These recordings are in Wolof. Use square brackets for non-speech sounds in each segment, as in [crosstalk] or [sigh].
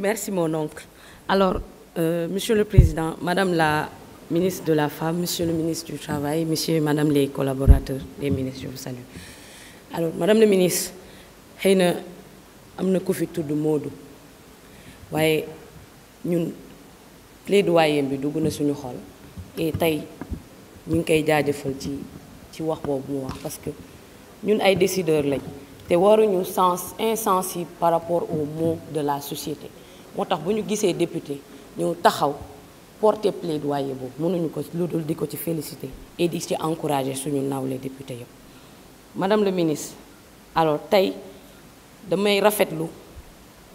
Merci mon oncle. Alors, euh, Monsieur le Président, Madame la ministre de la Femme, Monsieur le ministre du Travail, Monsieur et Madame les collaborateurs des ministres, je vous Alors, Madame la ministre, xëy na am na ku fi tudd Modou waaye ñun plaidoyer bi dugg na suñu xol et tey ñu ngi koy jaajëfal ci ci wax boobu mu wax parce que ñun ay décideurs lañ te waruñu sens insensible par rapport au maux de la société moo tax bu ñu gisee député ñëw taxaw porté porter plaidoyer boobu mënuñu ko lu dul di ko ci féliciter et di ci encourager suñu nawle député yëpp. madame la ministre alors tey damay rafetlu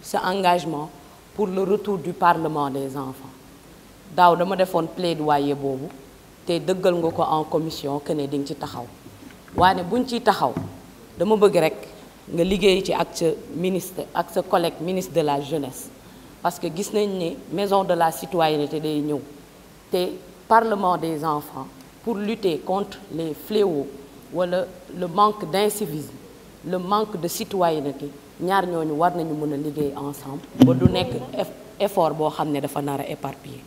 sa engagement pour le retour du parlement des enfants daaw dama defoon plaidoyer boobu te dëggal nga ko en commission que ne di nga ci taxaw waaye buñ ciy taxaw dama bëgg rek nga liggéey ci ak sa ministre ak sa collègue ministre de la jeunesse. parce que gis nañ ne maison de la citoyenneté day ñëw te parlement des enfants pour lutter contre les fléaux wala le manque d'incivisme le manque de citoyenneté ñaar ñooñu war nañu mën a liggéey ensemble ba du nekk effort boo xam ne dafa nar a éparpillé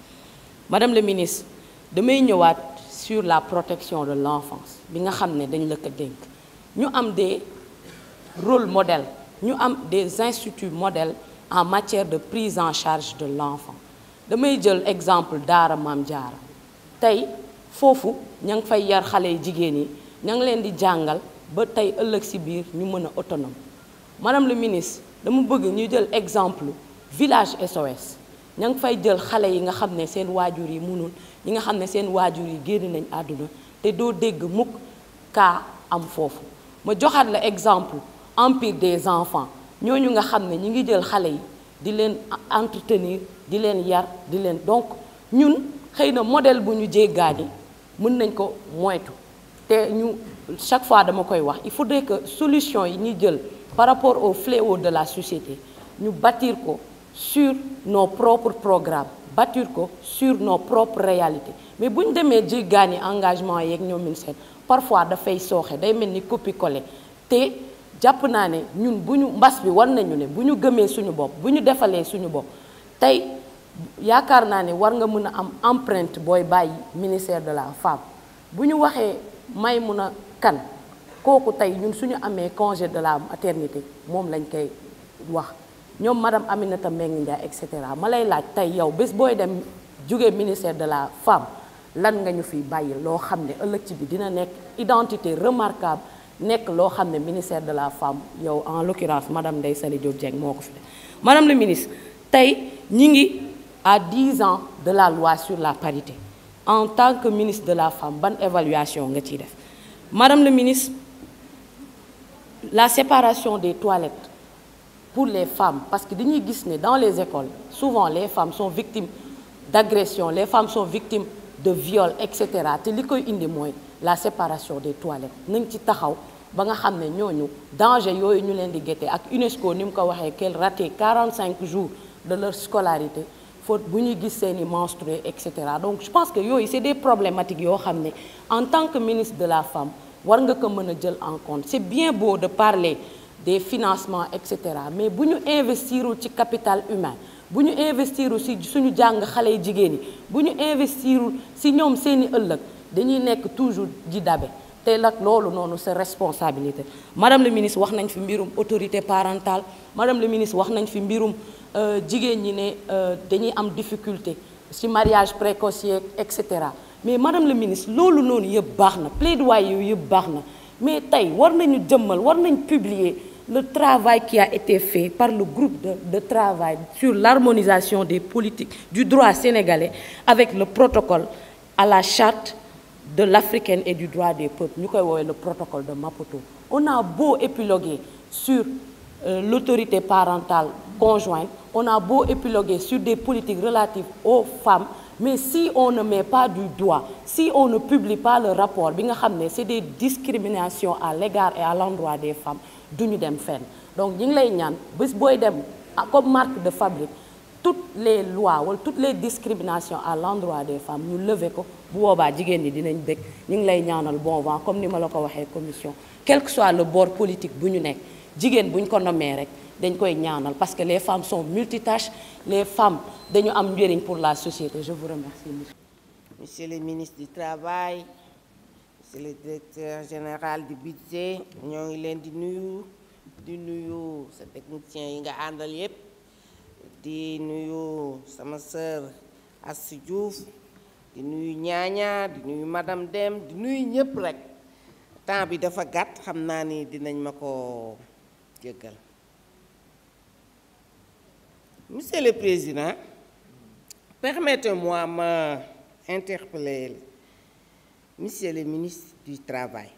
madame la ministre damay ñëwaat sur la protection de l'enfance bi nga xam ne dañ la ko dénk ñu am des rôles modèles ñu am des instituts modèles en matière de prise en charge de l'enfant damay jël exemple daara maam jaara tey foofu ña ngi fay yar xale yi jigéen yi ña ngi leen di jàngal ba tey ëllëg si biir ñu mën a autonome madame le ministre dama bëgg ñu jël exemple village SOS ña ngi fay jël xale yi nga xam ne seen waajur yi mënul ñi nga xam ne seen waajur yi génn nañ àdduna te doo dégg mukk kaa am foofu ma joxaat la exemple empire des enfants ñooñu nga xam ne ñi ngi jël xale yi di leen entretenir di leen yar di leen donc ñun xëy na modèle bu ñu jéggaani mën nañ ko moytu te ñu chaque fois dama koy wax il de que solution yi ñu jël par rapport au fléau de la société ñu bâtir ko sur nos propres programme bâtir ko sur no propres réalité mais bu ñu demee jéggaani engagement yeeg ñoom seen parfois dafay sooxe day mel ni copier-coller te jàpp naa ne ñun bu ñu mbas bi war nañu ne bu ñu gëmee suñu bopp bu ñu defalee suñu bopp tey yaakaar naa ne war nga mën a am empreinte booy bàyyi ministère de la femme bu ñu waxee may mun a kan kooku tey ñun suñu amee congé de la maternité moom lañ koy wax ñoom madame Aminata Mbengue Ndiaye et cetera ma lay laaj tey yow bés booy dem jóge ministère de la femme lan nga ñu fiy bàyyi loo xam ne ëllëg ci bi dina nekk identité remarquable nekk loo xam ne ministère de la femme yow en l'occurrence madame Ndeye Saly Diop Dieng moo ko fi madame la ministre tey ñi ngi à 10 ans de la loi sur la parité en tant que ministre de la femme ban évaluation nga ciy def madame la ministre la séparation des toilettes pour les femmes parce que dañuy gis ne dans les écoles souvent les femmes sont victimes d'agression les femmes sont victimes de viol et te li koy indi mooy la séparation des toilettes nañ ci taxaw ba nga xam ne ñooñu danger yooyu ñu leen di guetter ak UNESCO ni mu ko waxee qu'elle raté cinq jours de leur scolarité faute bu ñuy gis seeni menstrué et cetera donc je pense que yooyu c'est des problématiques yoo xam ne en tant que ministre de la femme war nga ko mën a jël en compte c'est bien beau de parler des financement et cetera mais bu ñu investirul ci capital humain bu ñu investirul ci suñu jàng xale yi jigéen yi bu ñu investirul ci ñoom seeni ëllëg dañuy nekk toujours di dabe tey nag loolu noonu se responsabilité madame le ministre wax nañ fi mbirum autorité parentale madame le ministre wax nañ fi mbirum euh, jigéen ñi ne euh, dañuy am difficulté ci mariage précoce yeeg cetera mais madame le ministre loolu noonu yëpp baax na plaidoyer yooyu yëpp baax na mais tey war nañu jëmmal war nañ publier le travail qui a été fait par le groupe de, de travail sur l'harmonisation des politiques du droit sénégalais avec le protocole à la de l'africaine et du droit des peuples ñu koy woowee le protocole de Maputo on a beau épiloguer sur euh, l'autorité parentale conjointe on a boo épiloguer sur des politiques relatives aux femmes mais si on ne met pas du doigt si on ne publie pas le rapport bi nga xam ne c'est des discriminations à l'égard et à l'endroit des femmes du ñu dem fen donc ñu ngi lay ñaan bés booy dem ah, comme marque de fabrique toutes les lois wala toutes les discriminations à l'endroit des femmes ñu leve ko bu boobaa jigéen ñi dinañ bëgg ñu ngi lay ñaanal bon vent comme ni ma la ko waxee commission quel que soit le bord politique bu ñu nekk jigéen bu ñu ko nommee rek dañ koy ñaanal parce que les femmes sont multitâches les femmes dañu am njëriñ pour la société je vous remercie monsieur. monsieur le ministre du travail monsieur le directeur général du budget ñoo ngi leen di nuyu di nuyu sa technicien yi nga àndal yépp di nuyu sama sœur Assi Diouf di nuyu ñaañaar di nuyu madame Dem di nuyu ñëpp rek temps bi dafa gàtt xam naa ni dinañ ma ko jéggal monsieur le président permettez-moi ma interpeller monsieur le ministre du travail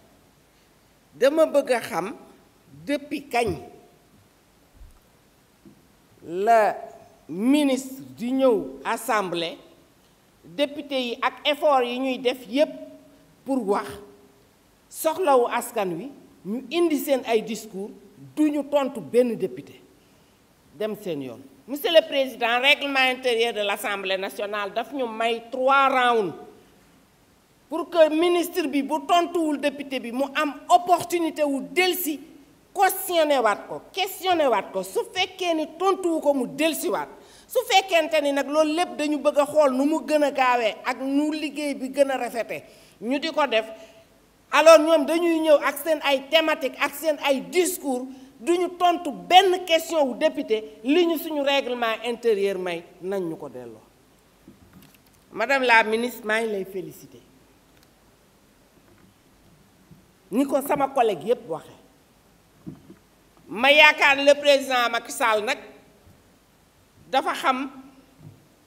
dama bëgg a xam depuis kañ la ministre di ñëw assemblée député yi ak effort yi ñuy def yépp pour wax soxlawu askan wi ñu indi seen ay discours du ñu tontu benn député dem seen yoon. monsieur le président règlement intérieur de l'assemblée nationale daf ñu may trois rounds pour que ministre bi bu tontuwul député bi mu am opportunité wu delsi questionné waat ko questionné waat ko su fekkee ni tontuwu ko mu delsiwaat. su fekkente ni nag loolu lépp dañu bëgg a xool nu mu gën a gaawee ak nu liggéey bi gën a rafete ñu di ko def alors ñoom dañuy ñëw ak seen ay thématique ak seen ay discours duñu tontu benn question wu député li ñu suñu réglement intérieur may nañ ñu ko delloo madame la ministre maa ngi lay félicité ñu ko sama collègue yépp waxe ma yaakaar le président Macky Sall nag dafa xam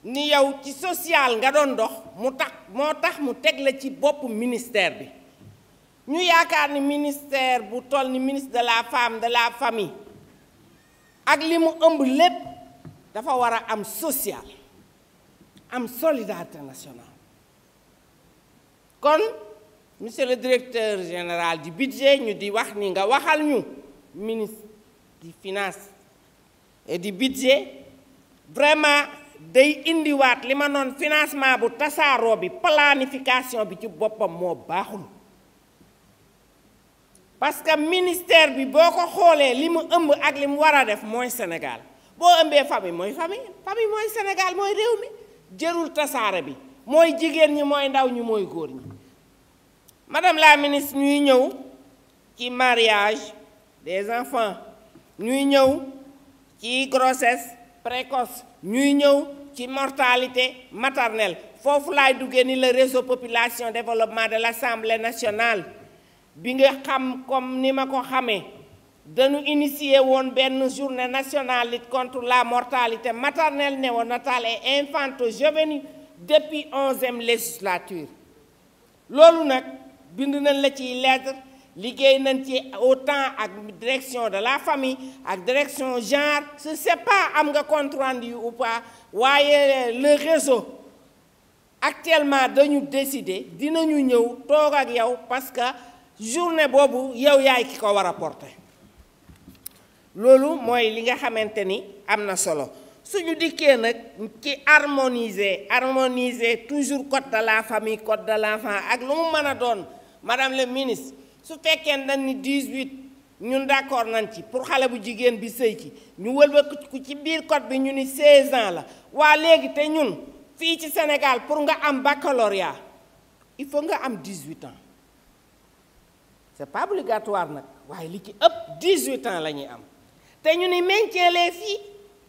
ni yow ci social nga doon dox mu tax moo tax mu teg la ci boppu ministère bi ñu yaakaar ni ministère bu toll ni ministre de la femme de la famille ak li mu ëmb lépp dafa war a am social am solidarité nationale kon monsieur le directeur général di budget ñu di wax ni nga waxal ñu ministre du finance di du budget vraiment day indiwaat li ma noon financement bu tasaaroo bi planification bi ci boppam moo baaxul parce que ministère bi boo ko xoolee li mu ëmb ak li mu war a def mooy Sénégal boo ëmbee famille mooy famille famille mooy Sénégal mooy réew mi jërul tasaare bi mooy jigéen ñi mooy ndaw ñi mooy góor ñi madame la ministre ñuy ñëw ci mariage des enfants ñuy ñëw ci grossesse précoce ñuy ñëw ci mortalité maternelle foofu laay duggee ni le réseau population développement de l'Assemblée nationale bi nga xam comme ni ma ko xamee dañu initier woon benn journée nationale it contre la mortalité maternelle néonatale et infanto-juvénile depuis onzième législature loolu nag bind nañ la ciy lettre liggéey nañ ci autant ak direction de la famille ak direction genre je sais pas am nga compte yu ou pas waaye le réseau actuellement dañu décider dinañu ñëw toog ak yow parce que journée boobu yow yaay ki ko war a porter loolu mooy li nga xamante ni am na solo suñu dikkee nag ci harmoniser harmoniser toujours code de la famille code de l'enfant ak lu mu mën a doon madame le ministre su fekkee dañ ni 18 ñun d'accord nañ ci pour xale bu jigéen bi sëy ci ñu wëlbatiku ci biir code bi ñu ni 16 ans la waa léegi te ñun fii ci Sénégal pour nga am baccaloria il faut nga am 18 ans c'est pas obligatoire nag waaye li ci ëpp 18 ans la ñuy am te ñu ni maintien les filles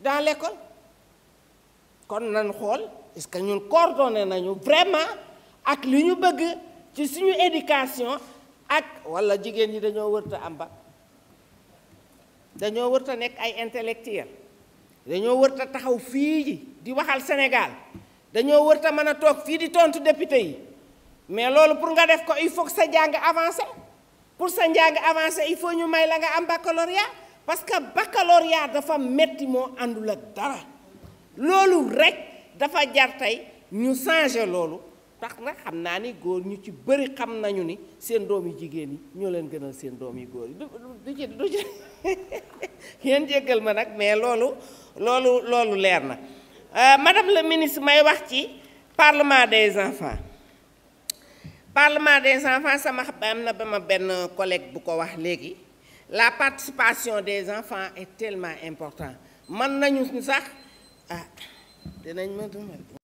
dans l'école kon nañ xool est-ce que ñun coordonné nañu vraiment ak li ñu bëgg ci suñu éducation ak walla jigéen ñi dañoo wërta am ba dañoo wërta nekk ay intellectuel dañoo wërta taxaw fii di waxal Sénégal dañoo wërta mën a toog fii di tontu député yi mais loolu pour nga def ko il faut que sa njàng avancé pour sa njàng avancé il faut ñu may la nga am baccalauréat parce que baccalauréat dafa metti moo àndul a dara loolu rek dafa jar tey ñu changé loolu ndax na xam naa ni góor ñu ci bëri xam nañu ni seen doom yu jigéen yi ñoo leen gënal seen doom yu góor yi du du ci du ci ngeen [laughs] jéggal ma nag mais loolu loolu loolu leer na euh, madame la ministre may wax ci parlement des enfants parlement des enfants sama am na ba ma benn collègue bu ko wax léegi la participation des enfants est tellement important mën nañu sax ah dinañ ma